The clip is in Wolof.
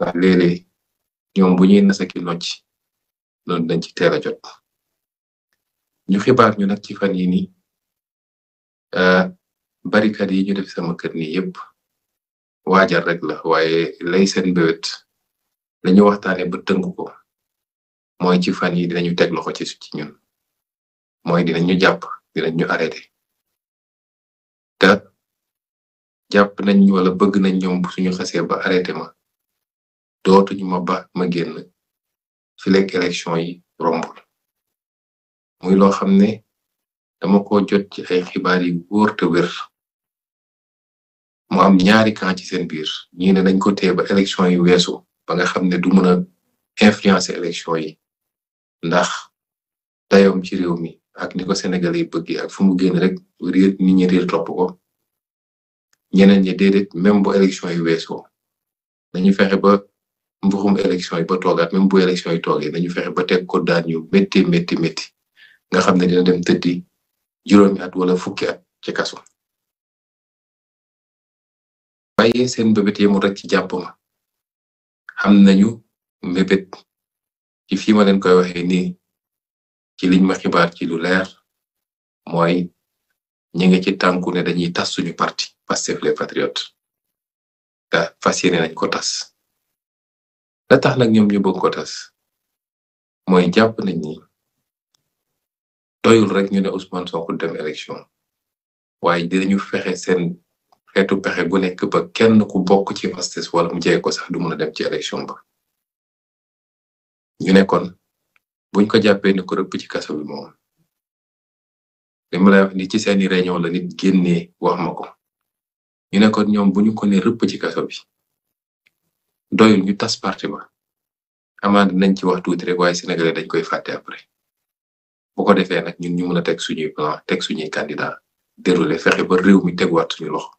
tax léeg ñoom bu ñuy nasa ki locc loolu dañ ci teel a jot ñu xibaar ñu nag ci fan yi ni euh, barikad yi ñu def sama kër ni yépp waajal rek la waaye lay seen béwét lañu waxtaane ba tënk ko mooy ci fan yi dinañu teg loxo ci su ci ñun mooy ñu jàpp dinañu arrêté te jàpp nañ wala bëgg nañ ñoom suñu xasee ba arrêté ma dootuñu ma ba ma génn fi lekk yi rombul muy loo xam ne dama ko jot ci ay xibaar yi wóor te mu am ñaari camp ci seen biir ñii ne dañ ko téye elektion élection yi weesu ba nga xam ne du mën a influencer élection yi ndax dayoom ci réew mi ak ni ko Sénégal yi bëgg ak fu mu génn rek réer ñi réer topp ko ñeneen ñi déedéet même bu élection yi weesoo dañu fexe ba. mbuxum élection yi bo toogaat même bu élection yi toogee nañu fexe ba teg ko daan yu métti métti métti nga xam ne dina dem tëddi juróomi at wala fukki at ci kaso. bàyyee seen mbébét yemul rek ci jàpp ma xam nañu mbébét ci fii ma leen koy waxee ni ci liñ ma xibaar ci lu leer moy ñi nga ci tànku ne dañuy tas suñu parti Pastef les patriotes ah fas yéene nañ ko tas. la nag ñoom ñu ko tas mooy jàpp nañ ni doyul rek ñu ne Ousmane Sonko dem élection waaye dinañu fexe seen xeetu pexe gu nekk ba kenn ku bokk ci Pastef wala mu jege ko sax du mën a dem ci élection ba ñu ne buñ ko jàppee ni ko rëpp ci kaso bi moom li ma ni ci seeni réunion la nit génnee wax ma ko ñu ne ñoom bu ko ne rëpp ci kaso bi doyul ñu tas parti ba amaana nañ ci wax tuuti rek waaye sénégalais dañ koy fàtte après bu ko defee nag ñun ñu mën a teg suñuy plan teg suñuy candidat déroulé fexe ba réew mi teguwaat suñu loxo